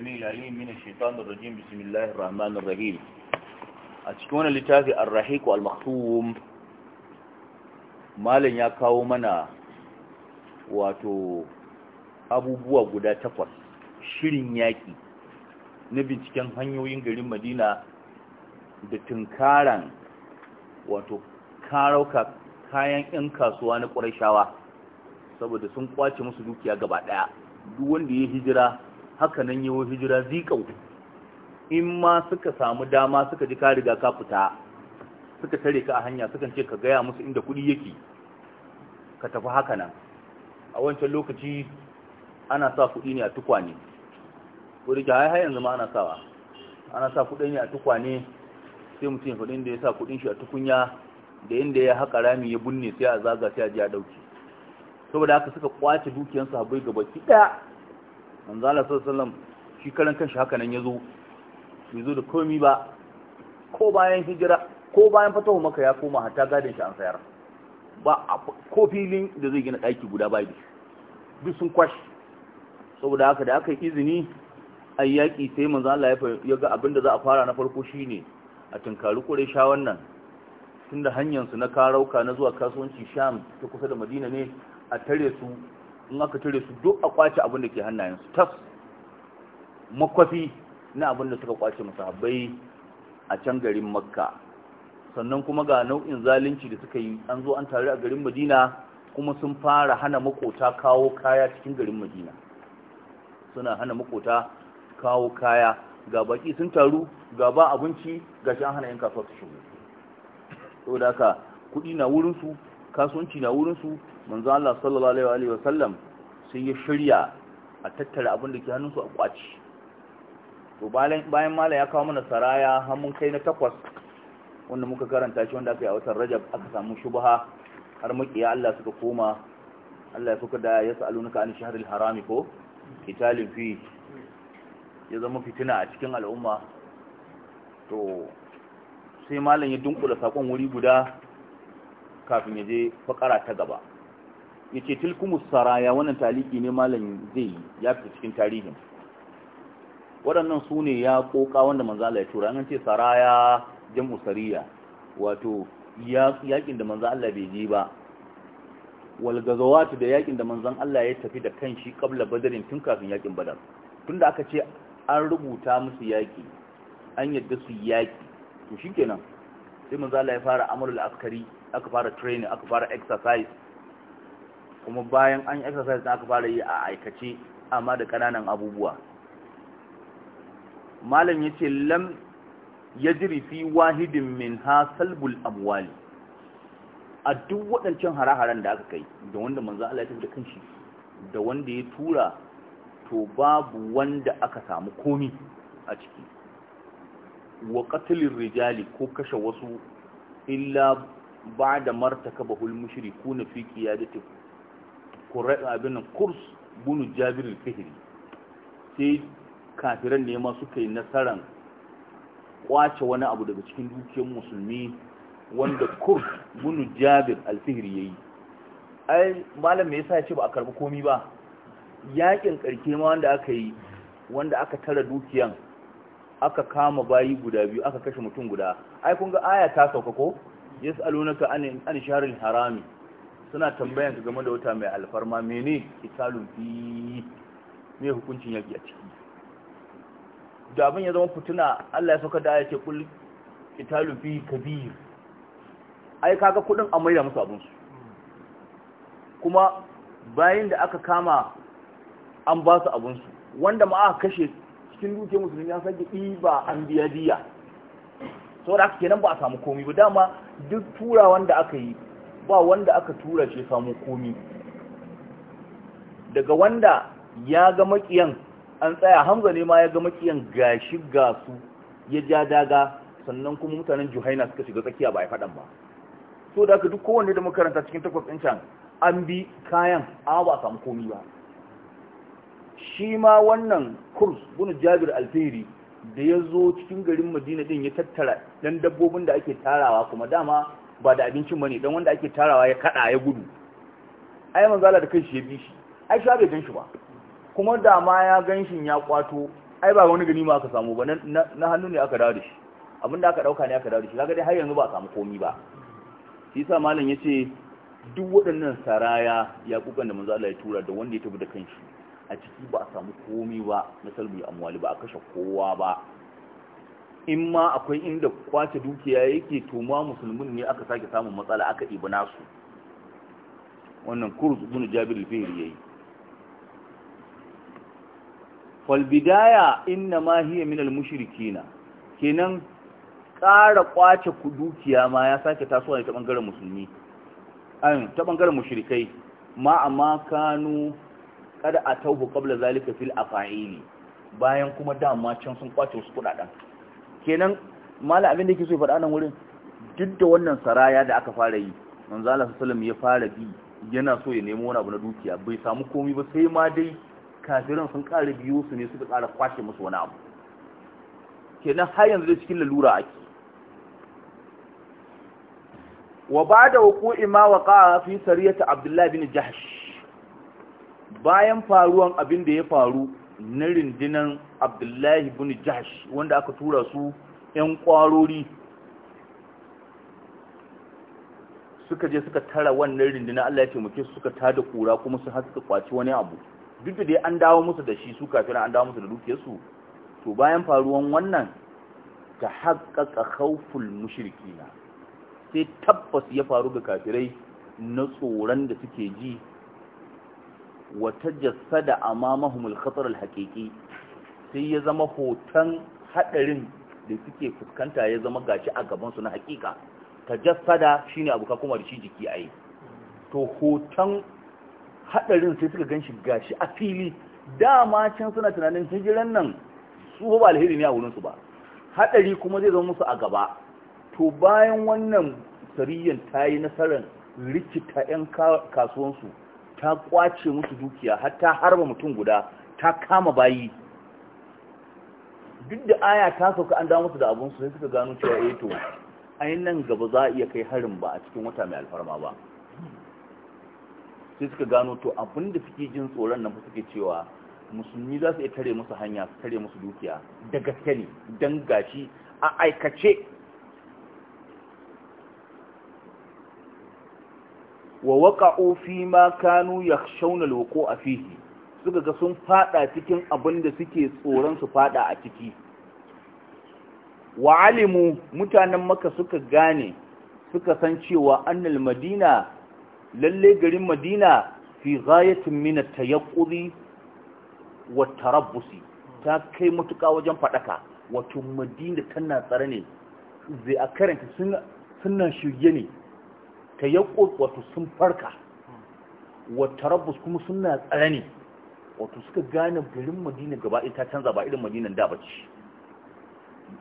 السميع العليم من الشيطان الرجيم بسم الله الرحمن الرحيم أتكون لتافي الرحيق والمختوم مالن يا كاومنا واتو abubuwa guda takwas shirin yaƙi na binciken hanyoyin garin madina da tunkaran wato karauka kayan 'yan kasuwa na ƙurashawa saboda sun kwace musu dukiya gaba ɗaya duk wanda ya hijira haka nan yawo hijira zikau in ma suka samu dama suka ji ka riga ka fita suka tare ka a hanya suka ce ka gaya musu inda kuɗi yake ka tafi haka nan a wancan lokaci ana sa kuɗi ne a tukwane ko da har yanzu ma ana sawa ana sa kuɗi ne a tukwane sai mutum kudi da ya sa kuɗin shi a tukunya da inda ya haƙa rami ya binne sai a zaga sai a ji a ɗauki saboda haka suka kwace dukiyansu habai gaba ki ɗaya manzo Allah sallallahu shi karan kanshi haka nan yazo bai zo da komi ba ko bayan hijira ko bayan fatahu maka ya koma hatta gadin shi an sayar ba ko filin da zai gina daki guda ba bi duk sun kwash saboda haka da aka yi izini a yaki sai manzo Allah ya ga abinda da za a fara na farko shine a tunkari sha wannan tunda hanyar su na karauka na zuwa kasuwanci Sham ta kusa da Madina ne a tare su in aka cire su duk a kwace abin da ke hannayensu tas makwafi na abin da suka kwace masu habai a can garin makka sannan kuma ga nau'in zalunci da suka yi an zo an tare a garin madina kuma sun fara hana makota kawo kaya cikin garin madina suna hana makota kawo kaya ga baki sun taru ga ba abinci ga shi an hana yin kasuwa su shigo saboda haka kuɗi na wurinsu kasuwanci na wurinsu manzo Allah sallallahu alaihi wa sallam sai ya shirya a tattara abin da ke hannunsu a kwaci to bayan mala ya kawo mana saraya mun kai na takwas wanda muka karanta shi wanda aka yi a watan rajab aka samu shubha har makiya Allah suka koma Allah ya suka da ya sa'alunaka an shahril harami ko kitalin fi ya zama fitina a cikin al'umma to sai malam ya dunkula sakon wuri guda kafin ya je fakara ta gaba yace tilkumus saraya wannan taliki ne malam zai ya fi cikin tarihin waɗannan sune ne ya koka wanda manzo ya tura an ce saraya jam'u sariya wato yakin da manzo Allah bai je ba wal gazawatu da yakin da manzan Allah ya tafi da kanshi kabla badarin tun kafin yakin badar tunda aka ce an rubuta musu yaki an yadda su yaki to shikenan sai manzo Allah ya fara amrul askari aka fara training aka fara exercise kuma bayan an yi exercise da aka fara yi a aikace amma da ƙananan abubuwa malam ya ce lam ya jiri fi wahidin min ha salbul abuwali a duk waɗancan hare-haren da aka kai da wanda manzan Allah ya tafi da kanshi da wanda ya tura to babu wanda aka samu komi a ciki wa qatlir rijali ko kashe wasu illa ba da martaka bahul mushriku na fi kurai abin nan kurs bunu jabir sai kafiran ne ma suka yi nasaran kwace wani abu daga cikin dukiyar musulmi wanda kurs bunu jabir ya yi. ai malam me yasa ya ce ba a karbi komi ba yakin karke ma wanda aka yi wanda aka tara dukiyan aka kama bayi guda biyu aka kashe mutum guda ai kun ga aya ta sauka ko yas'alunaka an an sharil harami suna tambayan su game da wata mai alfarma mene kitalun fi me hukuncin yaki a ciki da abin ya zama fituna Allah ya saka da ya ce kul kitalun fi kabir ai kaga kudin an maida musu abin su kuma bayan da aka kama an ba su abin su wanda ma aka kashe cikin duke musulmi ya sake diba an biya diya saboda haka kenan ba a samu komai ba dama duk turawan da aka yi ba wanda aka tura shi samu komi daga wanda ya ga makiyan an tsaya hamza ne ma ya ga makiyan gashi gasu ya ja daga sannan kuma mutanen juhaina suka shiga tsakiya ba a faɗan ba so da aka duk kowanne da makaranta cikin takwas ɗin an bi kayan a ba samu komi ba shi ma wannan kurs bunu jabir alfahiri da ya zo cikin garin madina din ya tattara dan dabbobin da ake tarawa kuma dama ba da abincin bane don wanda ake tarawa ya kada ya gudu ai manzo Allah da kanshi ya bi shi ai shi bai ganshi ba kuma da ma ya ganshin ya kwato ai ba wani ganima aka samu ba na hannu ne aka dawo da shi abinda aka dauka ne aka dawo da shi kaga dai har yanzu ba a samu komi ba shi yasa malam yace duk waɗannan saraya ya kukan da manzo Allah ya tura da wanda ya tafi da kanshi a ciki ba a samu komi ba na salbu amwali ba a kashe kowa ba in ma akwai inda kwace dukiya yake to ma musulmin ne aka sake samun matsala aka ibi nasu wannan kurz ibn jabir al-fihri yayi fal bidaya inna ma hiya min al-mushrikina kenan kara kwace dukiya ma ya sake tasowa ne ta bangaren musulmi an ta bangaren mushrikai ma amma kanu kada a kabla qabla zalika fil afa'ili bayan kuma dama can sun kwace wasu kudaden kenan mala abin da yake so ya faɗa nan wurin duk da wannan saraya da aka fara yi manzo Allah sallallahu ya fara bi yana so ya nemo wani abu na dukiya bai samu komai ba sai ma dai kafiran sun ƙara biyo su ne suka ƙara kwashe musu wani abu kenan har yanzu dai cikin lalura ake wa bada wuqu'i ma waqa fi sariyata abdullahi bin Jahsh bayan faruwan abin da ya faru na rindinan abdullahi bin jahsh wanda aka tura su 'yan kwarori suka je suka tara wannan rindina Allah ya taimake su suka tada kura kuma su har suka kwaci wani abu duk da dai an dawo musu da shi su kafin an dawo musu da dukiyarsu to bayan faruwan wannan ta haƙaƙa khawful mushrikina sai tabbas ya faru ga kafirai na tsoron da suke ji wata jasada a mamahumul khatar alhaƙiƙi sai ya zama hoton haɗarin da suke fuskanta ya zama gashi a gabansu na haƙiƙa ta shine shi ne kuma da shi jiki a yi to hoton haɗarin sai suka ganshi gashi a fili dama can suna tunanin hijiran nan su ba alheri ne a wurinsu ba haɗari kuma zai zama musu a gaba to bayan wannan sariyan ta yi nasarar rikita 'yan kasuwansu ta kwace musu dukiya har ta harba mutum guda ta kama bayi duk da aya ta sauka an damu su da abun su sai suka gano cewa eh to nan gaba za a iya kai harin ba a cikin wata mai alfarma ba sai suka gano to abin da suke jin tsoron nan suke cewa musulmi za su iya tare musu hanya su tare musu dukiya da gaske ne don gashi a aikace wa waqa'u fi ma kanu yakhshawna a fihi suka ga sun fada cikin abin da suke tsoron su fada a ciki wa alimu mutanen maka suka gane suka san cewa annal madina lalle garin madina fi ghayatin min at-tayaqquzi wa tarabbusi ta kai mutuka wajen fadaka wato madina tana tsare ne zai a karanta suna shirye ne ta yaƙo wato sun farka wata rabbus kuma suna tsarani wato suka gane garin madina gaba ta canza ba irin madinan da bace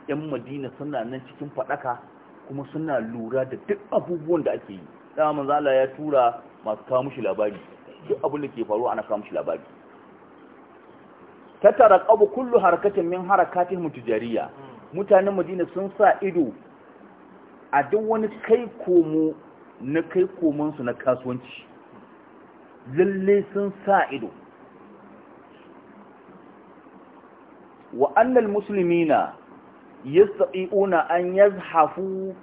yan madina suna nan cikin faɗaka kuma suna lura da duk abubuwan da ake yi dama manzala ya tura masu kawo mushi labari duk abin da ke faruwa ana kawo mushi labari ta tara kullu harkatin min harakatin jariya. Hmm. mutanen madina sun sa ido a duk wani kai komo na kai komansu na kasuwanci lalle sun sa ido wa annal muslimina yastaiuna an yazhafu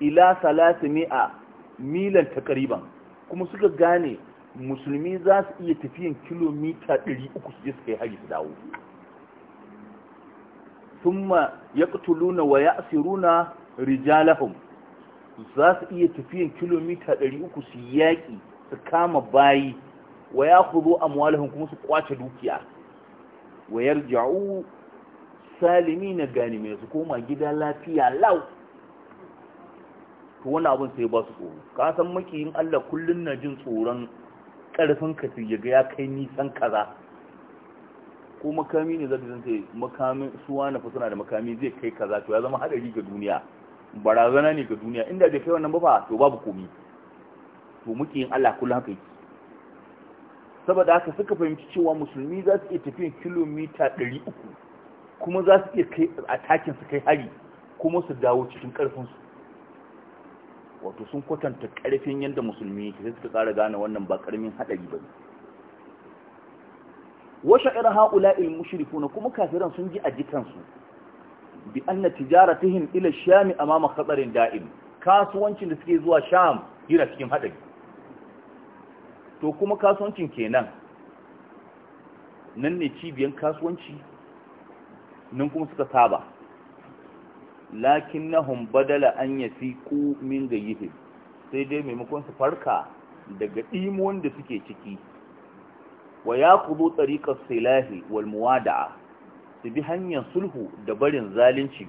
ila 300 milan takriban kuma suka gane musulmi za su iya tafiyan kilomita 300 su je su kai hari su dawo thumma yaqtuluna wa ya'siruna rijalahum za su iya tafiyan kilomita 300 su yaƙi su kama bayi wa ya a amwalahun kuma su kwace dukiya wa Ja'u salimi na gani mai su koma gida lafiya lau to wani abin sai ba su tsoro ka san makiyin Allah kullum na jin tsoron karfin ka ya ya kai nisan kaza ko makami ne zai san makamin suwa na fasana da makami zai kai kaza to ya zama hadari ga duniya barazana ne ga duniya inda bai kai wannan ba to babu komi to muke yin Allah kullum haka yake saboda haka suka fahimci cewa musulmi za su iya tafiyan kilomita 300 kuma za su iya kai atakin su kai hari kuma su dawo cikin karfin su wato sun kwatanta karfin yadda musulmi yake sai suka kara gane wannan ba karamin hadari bane wa sha'ira ha'ula'il mushrikuna kuma kafiran sun ji a jikansu bi anna tijaratihim ila sham amama khatarin da'im kasuwancin da suke zuwa sham yana cikin hadari to kuma kasuwancin kenan nan ne cibiyan kasuwanci nan kuma suka saba lakinnahum badala an yasiqu min gayyihim sai dai maimakon su farka daga dimo wanda suke ciki wa yaqudu tariqas silahi wal muwada'a su bi hanyar sulhu da barin zalunci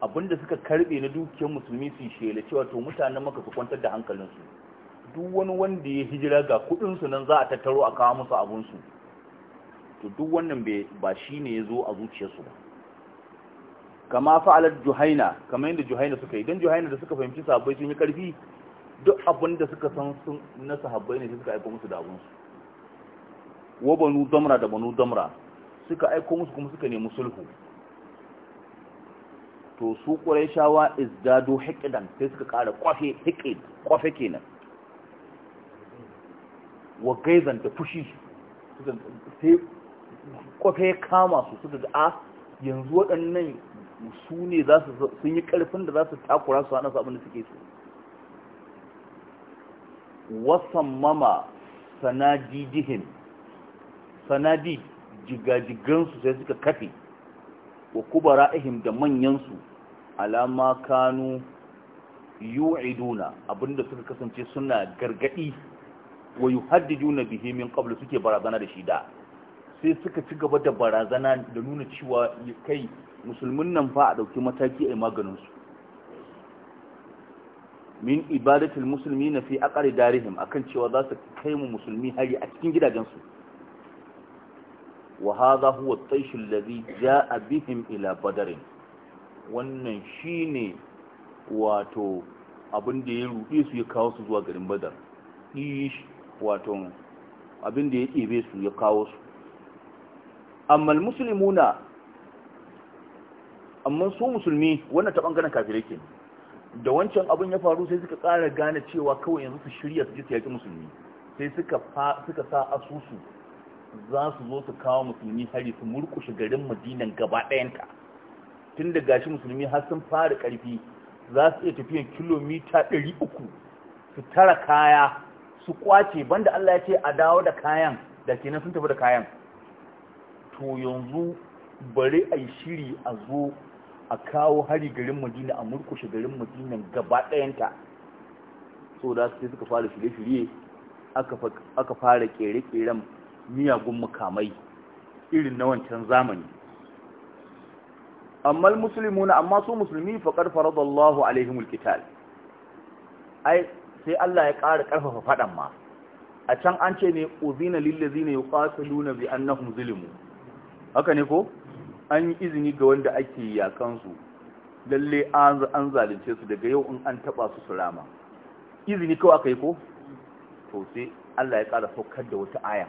abinda suka karbe na dukiyar musulmi su shela cewa to mutanen maka su kwantar da hankalinsu duk wani wanda ya hijira ga kudinsu nan za a tattaro a kawo musu abinsu to duk wannan ba shi ne ya zo a zuciyarsu ba kama fa'alar juhaina kamar yadda juhaina suka yi don juhaina da suka fahimci sahabbai sun yi karfi duk abin da suka san sun na sahabbai ne suka aika musu da abinsu wa banu damra da banu damra suka aiko musu kuma suka nemi sulhu to su quraishawa izdadu hiqdan sai suka ƙara kwafe kwafe kenan wa gaizan da fushi sai kwafe kama su suka ga a yanzu waɗannan su ne za su sun yi ƙarfin da za su takura su hana su da suke su wasan mama jihin sanadi jigajigansu sai suka kafe wa kubaraihim da manyansu alama kanu yu'iduna abinda suka kasance suna gargadi wa yuhaddijuna bihi min qabl suke barazana da shi da sai suka ci gaba da barazana da nuna cewa kai musulmin nan fa a dauki mataki a maganin su min ibadatul muslimina fi aqri darihim akan cewa za su kai mu musulmi hari a cikin gidajensu وهذا هو الطيش الذي جاء بهم إلى بدر wannan shine wato abin da ya rufe su ya kawo su zuwa garin badar ish wato abin da ya ɗebe su ya kawo su amma musulmuna amma su musulmi wannan ta ɓangaren kafirai ke da wancan abin ya faru sai suka ƙara gane cewa kawai yanzu su shirya su ji musulmi sai suka sa asusu za su zo su kawo musulmi hari su murkushe garin madinan gaba ɗayanta tun da gashi musulmi har sun fara ƙarfi za su iya tafiyan kilomita 300 su tara kaya su kwace banda Allah ya ce a dawo da kayan da kenan sun tafi da kayan to yanzu bari a yi shiri a zo a kawo hari garin madina a murkushe garin madinan gaba ɗayanta so da su suka fara shirye-shirye aka fara kere-keren miyagun mukamai irin na wancan zamani amma musulmuna amma su musulmi faqad faradallahu alaihimul qital ai sai Allah ya ƙara ƙarfafa faɗan ma a can an ce ne uzina lillazina yuqatiluna bi annahum zulimu haka ne ko an yi izini ga wanda ake yakan su lalle an zalunce su daga yau in an taba su surama izini kawai aka ko to sai Allah ya ƙara saukar da wata aya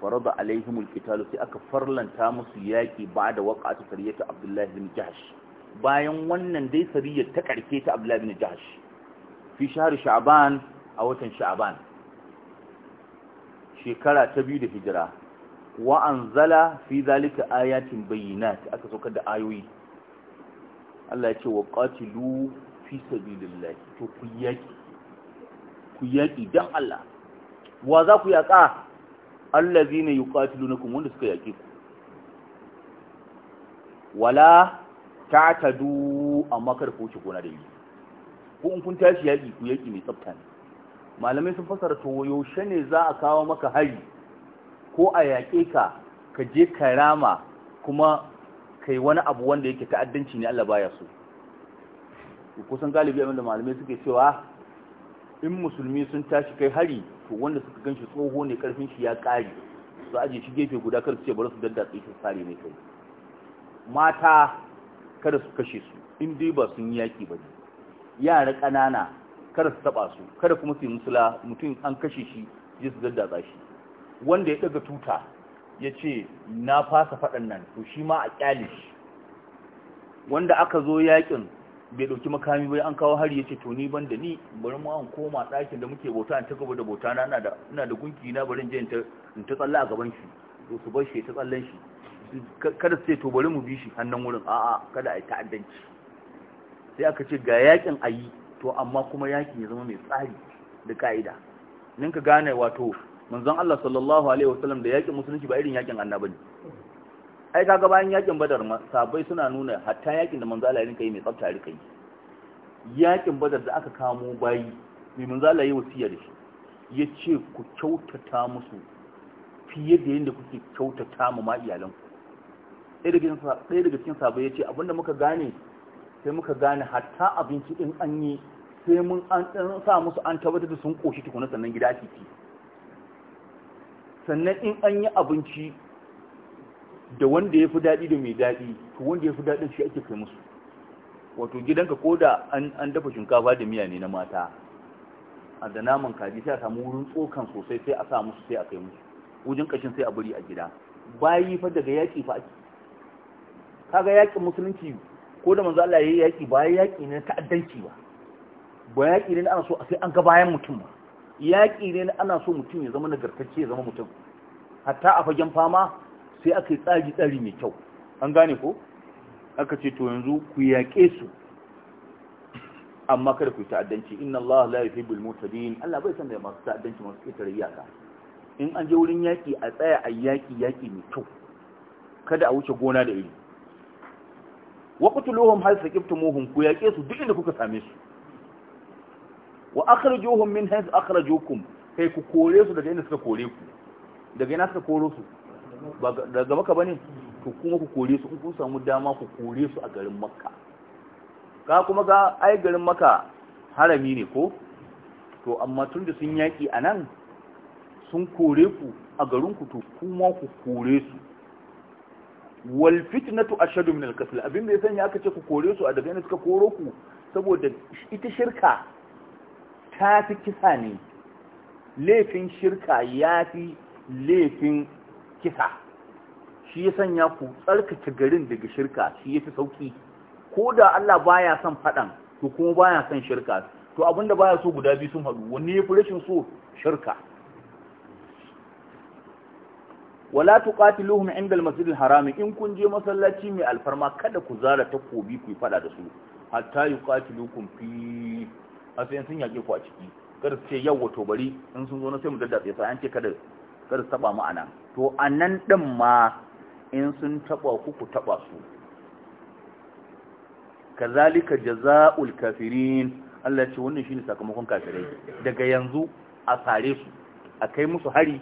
farada alaihimul kitalu sai aka farlanta musu yaki ba da waqatu sariyatu abdullahi bin jahsh bayan wannan dai sariyar ta karke ta abdullahi bin jahsh fi shahr sha'ban a watan sha'ban shekara ta biyu da hijira wa anzala fi zalika ayatin bayyinat aka saukar da ayoyi Allah ya ce wa qatilu fi sabilillahi to ku yaki ku yaki dan Allah wa za ku yaka na kuma wanda suka yake ku wala ta ta amma a makar wuce gona da yi ko in kun tashi yaƙi, ku yaki mai tsafta ne malamai sun fasara to yaushe ne za a kawo maka hari ko a yaƙe ka ka je ka rama kuma kai wani abu wanda yake ta'addanci ne Allah baya so kusan galibi abin malamai suke cewa in musulmi sun tashi kai hari to wanda suka ganshi tsoho ne karfin shi ya kare su aje shi gefe guda kar su ce bari su daddatse su sare mai kai mata kada su kashe su in dai ba sun yaki ba yara ƙanana kada su taba su kada kuma su yi musula mutum an kashe shi je su za shi wanda ya daga tuta ya ce na fasa faɗan nan to shi ma a kyale shi wanda aka zo yakin bai dauki makami bai an kawo hari yace to ni ban da ni bari mu an koma ɗakin da muke bauta an taka da bauta na ina da ina da gunki na bari je in ta in tsalla a gaban shi to su bar shi ta tsallan shi kada su ce to bari mu bi shi hannun wurin a'a kada yi ta'addanci sai aka ce ga yakin ayi to amma kuma yakin ya zama mai tsari da ka'ida ninka gane wato manzon Allah sallallahu alaihi wasallam da yakin musulunci ba irin yakin annabi ne ai kaga bayan yakin badar ma sabai suna nuna hatta yakin da manzo Allah ya rinka yi mai tsafta rinka yi yakin badar da aka kamo bayi mai manzo Allah ya wasiya da shi yace ku kyautata musu fiye da yadda kuke kyautata mu ma iyalan ku ɗaya daga cikin sabai yace abinda muka gane sai muka gane hatta abinci din an yi sai mun an sa musu an tabbatar da sun koshi tukuna sannan gida ciki sannan in an yi abinci da wanda ya fi daɗi da mai daɗi to wanda ya fi daɗin shi ake kai musu wato gidanka ko da an dafa shinkafa da miya ne na mata a da naman kaji sai a samu wurin tsokan sosai sai a sa musu sai a kai musu wajen ƙashin sai a bari a gida bayi fa daga yaƙi fa ake kaga yaƙin musulunci ko da manzo Allah ya yaƙi ba yaƙi ne ta'addanci ba ba yaƙi ne ana so sai an ga bayan mutum ba yaƙi ne ana so mutum ya zama nagartacce ya zama mutum hatta a fagen fama sai aka yi tsari tsari mai kyau an gane ko aka ce to yanzu ku yaƙe su amma kada ku yi ta'addanci inna Allah la yuhibbul mutadin Allah bai san da masu ta'addanci masu ƙetare iyaka in an je wurin yaƙi a tsaya a yaƙi yaƙi mai kyau kada a wuce gona da iri waqtuluhum hal saqibtumuhum ku yaƙe su duk inda kuka same su wa akhrijuhum min haythu akhrajukum kai ku kore su daga inda suka kore ku daga ina suka koro su daga maka ba ne to kuma ku kore su kun samu dama ku kore su a garin maka. ka kuma ga ai garin makka harami ne ko to amma tun da sun yaki a nan sun kore ku a garin ku to kuma ku kore su wal fitnatu ashadu min al-qatl abin da ya sanya aka ce ku kore su a daga ne suka koro ku saboda ita shirka ta fi kisa ne laifin shirka ya fi laifin kisa shi ya sanya ku tsarkace garin daga shirka shi ya fi sauki ko da Allah baya son faɗan to kuma baya son shirka to abinda baya so guda biyu sun haɗu wanne ya fi rashin so shirka wala tuqatiluhum inda al-masjid al-haram in kun je masallaci mai alfarma kada ku zara takobi ku faɗa da su hatta yuqatilukum fi asayin sun yake ku a ciki kada su ce yawa to bari in sun zo na sai mu daddatsa sai an ce kada kar taba mu anan to anan din ma in sun taba ku ku taba su kazalika jaza'ul kafirin Allah ya ce wannan shine sakamakon kafirai daga yanzu a sare su a kai musu hari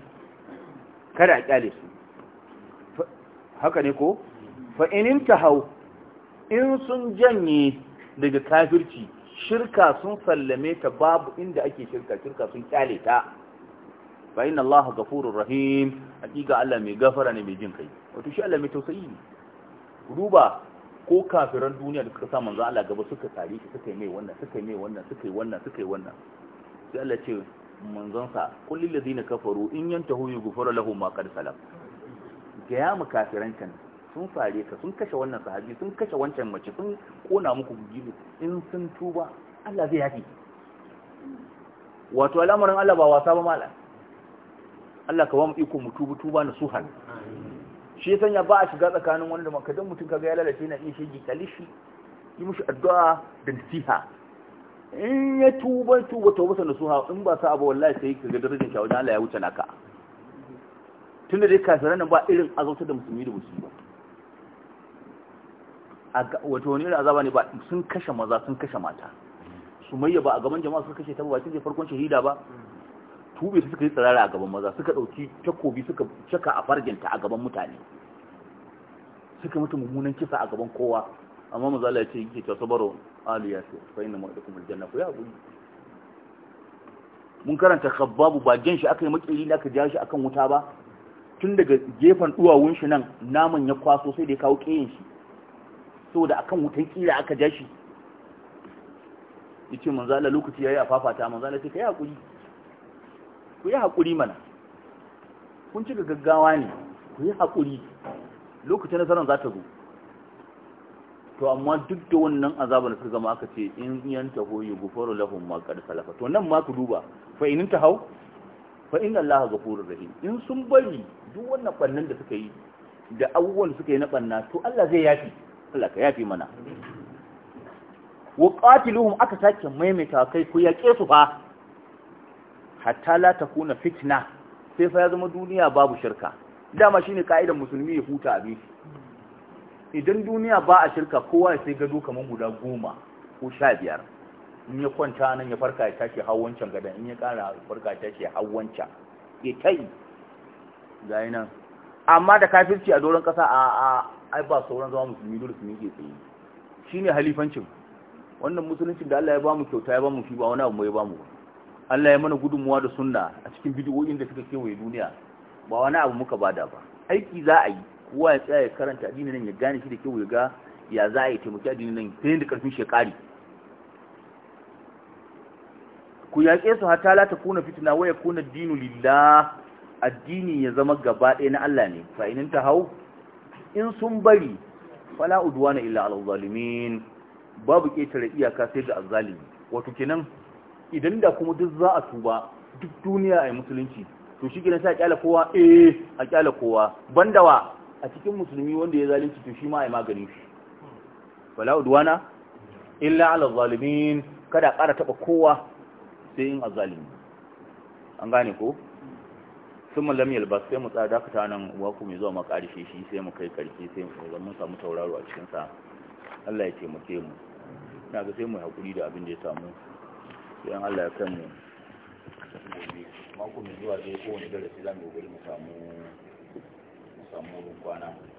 kada a kyale su haka ne ko fa in intahu in sun janye daga kafirci shirka sun sallame ta babu inda ake shirka shirka sun kyale ta fa inna allaha gafurur rahim hakika Allah mai gafara ne mai jin kai wato shi Allah mai tausayi ne ruba ko kafiran duniya da suka sa manzo Allah gaba suka tare shi suka yi mai wannan suka yi mai wannan suka yi wannan suka yi wannan sai Allah ce manzon sa kullil ladina kafaru in yantahu yughfar lahum ma qad salam ga ya mu kafiran kan sun fare ka sun kashe wannan sahabi sun kashe wancan mace sun kona muku gidi in sun tuba Allah zai yafi wato al'amarin Allah ba wasa ba malam Allah ka ba mu iko mu tubu tuba na suhan shi ya sanya ba a shiga tsakanin wanda da dan mutun kaga ya lalace na iya shege kalishi yi mushi addu'a da nasiha in ya tuba tuba tuba sa nasuha in ba sa abu wallahi sai kaga darajar shi wajen Allah ya wuce naka tunda dai ka nan ba irin azauta da musulmi da musulmi wato wani irin azaba ne ba sun kashe maza sun kashe mata sumayya ba a gaban jama'a sun kashe ta ba cikin farkon shahida ba tube su suka yi tsirara a gaban maza suka ɗauki takobi suka caka a farginta a gaban mutane suka mutu mummunan kisa a gaban kowa amma maza ya ce yake ta baro alu ya ce fa inna kuma janna ku ya gudu mun karanta khabbabu ba jan shi aka yi makiri da aka ja shi akan wuta ba tun daga gefen duwawun shi nan naman ya kwaso sai da ya kawo kiyin shi saboda akan wutan ƙira aka ja shi yace manzo Allah lokaci yayi a fafata manzo Allah sai yi hakuri ku yi haƙuri mana kun cika gaggawa ne ku yi haƙuri lokacin nasarar za ta zo to amma duk da wannan azabar suka zama aka ce in yan taho yi gufaru lahun ma kada salafa to nan ma ku duba fa'inin ta hau fa in Allah ghafurur rahim in sun bari duk wannan ɓannan da suka yi da abubuwan suka yi na ɓanna to Allah zai yafi Allah ka yafi mana wa qatiluhum aka sake maimaita kai ku yaƙe su fa hatta la takuna fitna sai fa ya zama duniya babu shirka dama shine kaidar musulmi ya huta abin idan duniya ba a shirka kowa sai gado kamar guda goma ko sha biyar in ya kwanta nan ya farka ya tashi hawancan gadan in ya kara farka ya tashi hawancan ya tai gayi nan amma da kafirci a doron kasa a a ai ba sauran zama musulmi dole su miƙe tsaye shine halifancin wannan musuluncin da Allah ya bamu kyauta ya bamu shi ba wani abu ba bamu ba Allah ya mana gudunmuwa da sunna a cikin bidiyoyin da suka kewaye duniya ba wani abu muka bada ba aiki za a yi kowa ya tsaya ya karanta addinin nan ya gane shi da kyau ya ga ya za a yi taimaki addinin nan ta yin da karfin shekari ku yaƙe su hata la kuna fitina waya kuna dinu lillah addini ya zama gaba ɗaya na Allah ne fa ta hau in sun bari fala udwana illa al zalimin babu ketare iyaka sai ga azzalimi wato kenan idan da kuma duk za a tuba duk duniya a yi musulunci to shi gina sai a kyala kowa eh a kyala kowa bandawa a cikin musulmi wanda ya zalunci to shi ma a yi maganin shi wala udwana illa ala zalimin kada ƙara taba kowa sai in azalimi an gane ko sun mallam yalba sai mu tsada nan nan waku mai zuwa makarishe shi sai mu kai karshe sai mu zama mun samu tauraro a cikin sa Allah ya taimake mu na ga sai mu hakuri da abin da ya samu yan Allah ya kan mako mai zuwa dai kowane darasi za mu gobe mu samu mu samu kwana